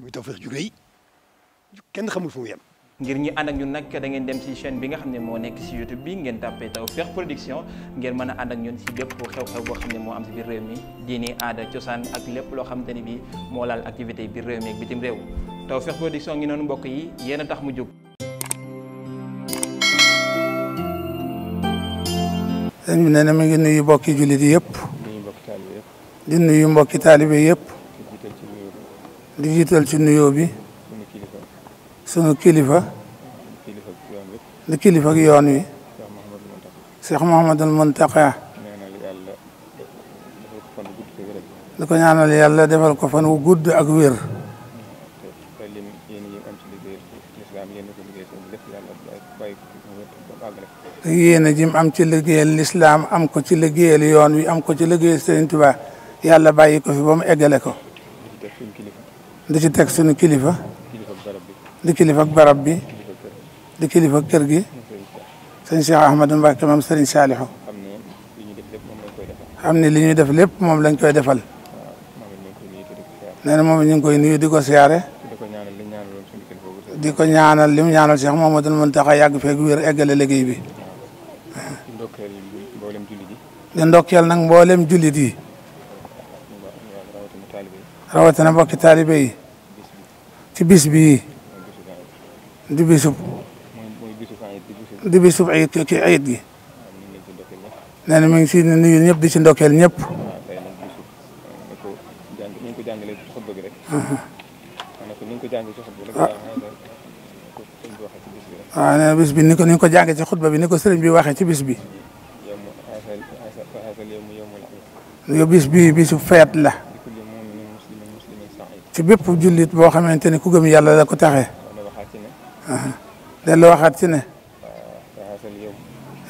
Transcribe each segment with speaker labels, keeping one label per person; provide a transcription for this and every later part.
Speaker 1: muy Tawfekh ju kenn xamul fu mu ngir ñi ànd ak ñun nag dangeen dem ci chaîne bi nga xam ne moo nekk ci YouTube bi ngeen tàppee Tawfekh Production ngeen mën a ànd ak ñun ci bépp xew-xew boo xam ne moo am ci biir réew mi diini aada cosaan ak lépp loo xamante ni bi moo laal activité biir réew mi ak bitim réew Tawfekh Production ngi noonu mbokk yi yéen tax mu jóg.
Speaker 2: sëñ bi nee na mi ngi nuyu mbokki jullit yëpp. di nuyu mbokki taalibe yëpp. di jiital ci nuyoo bi sunu kilifa di kilifa ak yoon wi Cheikh Mouhamadul Mountakha di ko ñaanal yàlla defal ko fan wu gudd ak wér te yéene jim am ci liggéeyal lislaam am ko ci liggéeyal yoon wi am ko ci liggéeyal Sëriñ Tuubaa yàlla bàyyi ko fi ba mu eggale ko
Speaker 1: di ci teg suñu kilifa di kilifa ak barab bi di kilifa ak kër gi
Speaker 2: sëñ Cheikh Ahmadou Mbacke moom sëriñ Salihu xam ne li ñuy def lépp moom lañ koy defal nee na moom ñu ngi koy nuyu di ko siyaare di ko ñaanal li mu ñaanal Cheikh Mouhamadoul Mountakha yàgg feeg wér eggale liggéey bi di ndokkeel nag mboolem juli yi rawatina mbokki taalibe ci bis bii di bisub
Speaker 1: di bisub ayit
Speaker 2: ci ayit gi nee na mi ngi si nuyu ñëpp di ci ndokkeel ñëpp.
Speaker 1: waaw ah, nee na bis bi ni ko ni
Speaker 2: ko jàngee ci xutba bi ni ko sëriñ bi waxee ci bis bi. yow bis bi bisu feet la. ci bépp jullit boo xamante ni ku gëm yàlla la ko taxee. delloo waxaat ci ne.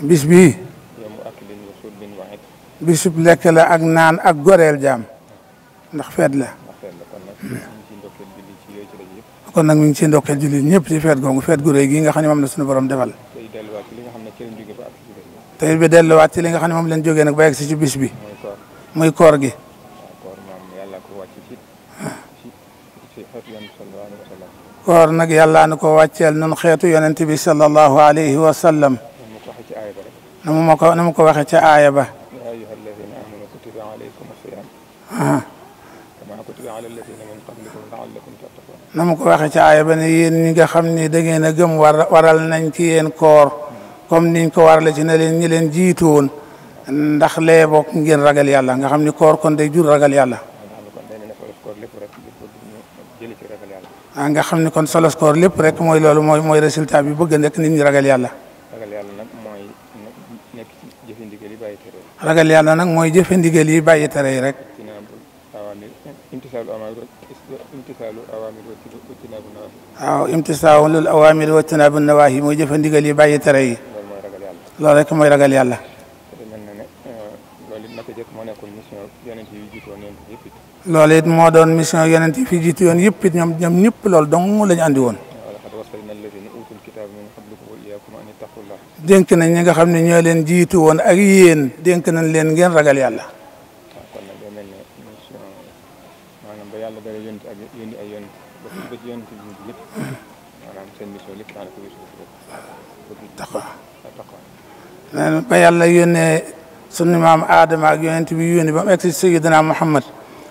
Speaker 2: bis bii. bisub lekk la ak naan ak goreel jaam ndax feet la. kon nag mi ngi ciy ndokkeel jullit ñëpp ci feet googu feet gu rëy gii nga xam ne moom la suñu borom defal. tey bi delluwaat ci li nga xam ne moom leen jogee nag ba yegg si ci bis bi. muy koor gi.
Speaker 1: woor nag yàllaa na ko
Speaker 2: wàcceel nun xeetu yonent bi sallallahu alayhi wa sallam
Speaker 1: na mu ma ko na mu ko waxee ca aaya ba
Speaker 2: na mu ko waxee ca aaya ba ne yéen ñi nga xam ni da ngeen a gëm war waral nañ ci yéen koor comme niñ ko warale ci ne leen ñi leen jiitu woon ndax lee bokk ngeen ragal yàlla nga xam ni koor kon day jur ragal yàlla Ah, nga xam ne kon solo lépp rek mooy loolu mooy mooy résultat bi bëgg nekk nit ñi ragal yàlla.
Speaker 1: ragal yàlla nag mooy nekk ci jëfe ndigal yi bàyyi tere yi. ragal yàlla nag mooy jëfe ndigal yi bàyyi tere yi rek. waaw imtisaalul awaamir wa tinaabu nawaahi mooy jëfe ndigal yi bàyyi tere yi. loolu rek mooy ragal yàlla. ca jëkk moo nekkoon mission yonent yi jiitu woon yonent yëpp it. loolu it moo doon mission yonent yi fi jiitu woon yëpp
Speaker 2: it ñoom ñoom ñëpp loolu dong la ñu andi woon. dénk nañ ñi nga xam ne ñoo leen jiitu woon ak yéen dénk nañ leen ngeen ragal yàlla. ba yàlla yónnee sunu maam aadama ak yonent bi yónni ba mu egsi sayyidina Muhammad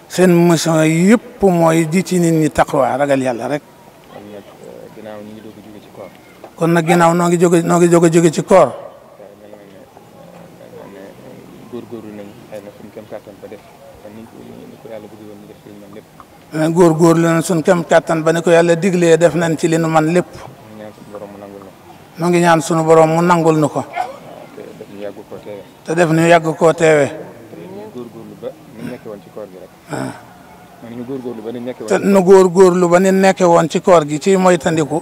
Speaker 2: seen mission yëpp mooy ji ci nit ñi taqwa ragal yàlla rek. kon nag ginnaaw noo ngi jóge noo ngi jóge jóge ci koor. góorgóorlu nañ suñ eh, kem kàttan ba ni ko yàlla diglee def nañ ci li nu man lépp. noo ngi ñaan sunu borom mu nangul nu ko.
Speaker 1: te def ñu yàgg koo teewee. Ah. ñu góorgóorlu ba ni nekk woon te nu góorgóorlu
Speaker 2: ba ni nekk woon ci koor gi ci moytandiku.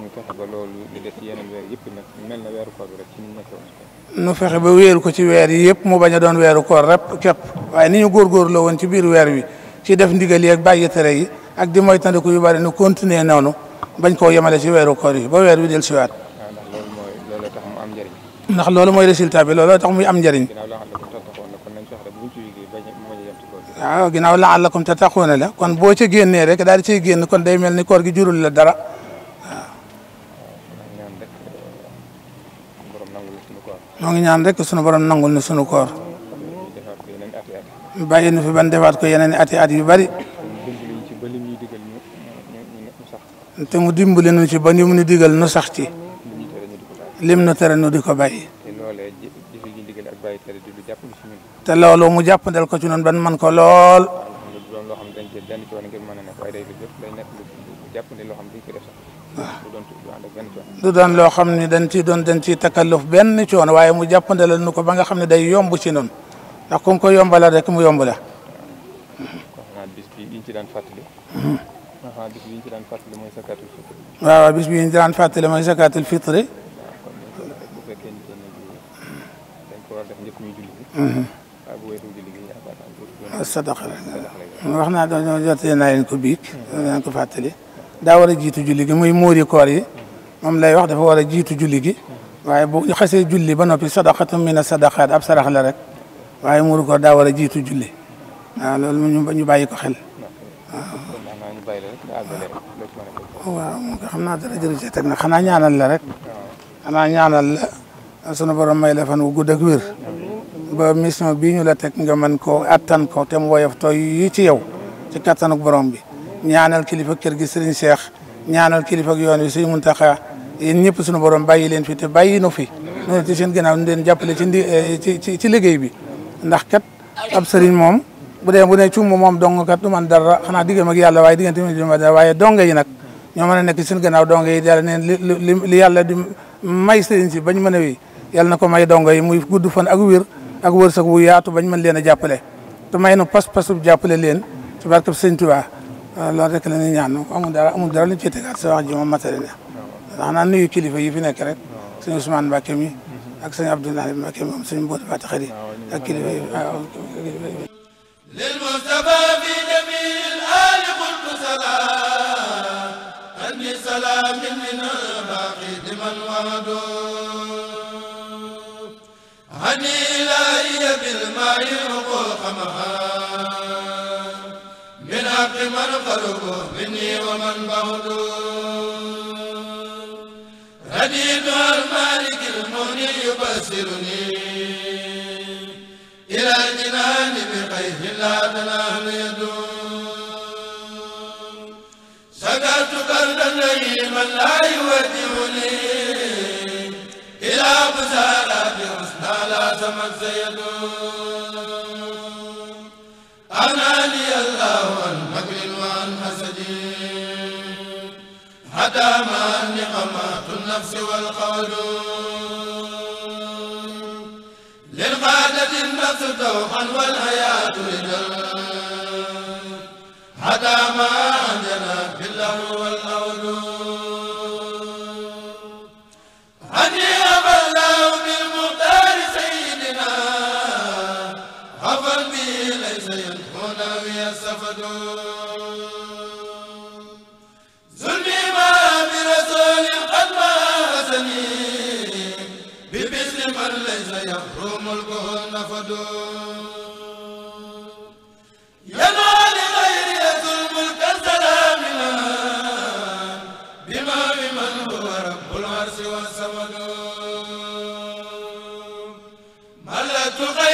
Speaker 1: ñu fexe ba loolu li des ci mel na weeru koor bi
Speaker 2: fexe ba wéeru ko ci weer yi yëpp mu bañ a doon weeru koor rek képp waaye ni ñu la woon ci biir weer wi ci def ndigal yeek ak bàyyi yi ak di moytandiku yu bari nu continuer noonu bañ koo yemale ci weeru koor yi ba weer wi dellusiwaat. ndax loolu mooy résultat bi looloo tax muy am njëriñ waaw ginnaaw la àllakum tattaquuna la kon boo ca génnee rek daal di génn kon day mel ni koor gi jurul la dara waaw ñoo ngi ñaan rek sunu borom nangul ni sunu koor
Speaker 1: bàyyi nu fi ban defaat ko yeneen ati at yu bari
Speaker 2: te mu dimbali nu ci ba ñu mun a digal nu sax ci
Speaker 1: lim nu tere nu di ko bàyyi. te loolu
Speaker 2: mu jàppandal ko ci noonu ban man ko lool. du doon loo xam ne dañ ciy doon dañ ciy takalluf benn coono waaye mu jàppandalal nu ko ba nga xam ne day yomb ci noonu ndax ku ko yombalal rek mu yomb la.
Speaker 1: Hmm. waaw bis bi ñu ci daan fàttali mooy sakaatul fitri.
Speaker 2: waaw bis bi ñu ci daan fàttali mooy sakaatul fitri. Mm-hmm. Ah, sadaqa la wax naa dañoo jotee naa leen ko biig ko fàttali daa war a jiitu julli muy muuri koor yi lay wax dafa war a jiitu julli gi waaye bu xasee julli ba noppi sadaqatum mina sadaqaat ab sarax la rek waaye muuri koor daa war jiitu julli waaw loolu ñu bàyyi ko xel waaw waaw xam naa dara jëru ci na xanaa ñaanal la rek xanaa ñaanal la sunu borom may la fan wu gudd ak ba mission bii ñu la teg nga man koo attan ko te mu woyof tooy yi ci yow ci kattanuk borom bi ñaanal kilifa kër gi Serigne Cheikh ñaanal kilifa ak yoon wi Serigne Mountakha yéen ñëpp suñu borom bàyyi leen fi te bàyyi nu fi noonu ci seen leen jàppale eh, ci ci ci liggéey bi ndax kat ab Serigne moom bu dee bu dee moom dong kat du man dara xanaa diggam ak yàlla waaye diggante mi du waaye donge yi nag ñoo mën a nekk seen gannaaw yi yàlla neen li li yàlla di may sëriñ si bañ mën a wéy yàlla na ko may donge yi muy gudd fan ak wér ak wërsëg wu yaatu bañ man leen a jàppale te may nu pas-pasu jàppale leen ci barke sëñ Tuubaa ah, loolu rek la ñuy dara amul dara lu ñu tegaat sa wax ji moom matale na ndax naa nuyu kilifa yi fi nekk rek sëñ Ousmane Mbacke mi ak sëñ Abdoulaye Mbacke moom sëñ Mbodj Fatick yi ak kilifa yi ah,
Speaker 3: lil Mustafa fi jamil ali qultu salaam الماء ينقل خمها من حق من قرب مني ومن بعد رديت المالك المغني يبصرني إلى الجنان بخير لا تنال يد سكرت قردا لئيما لا يودعني
Speaker 2: إلى بزارة
Speaker 3: على زمن زيد أنا لي الله عن مكر وعن حسد هدى ما نقمات النفس والقول للقادة النفس دوحا والحياة رجال هدى ما عندنا بالله والأول العالمين ببذل من ليس يحرم الكون فدون العرش والسمد ملأت غير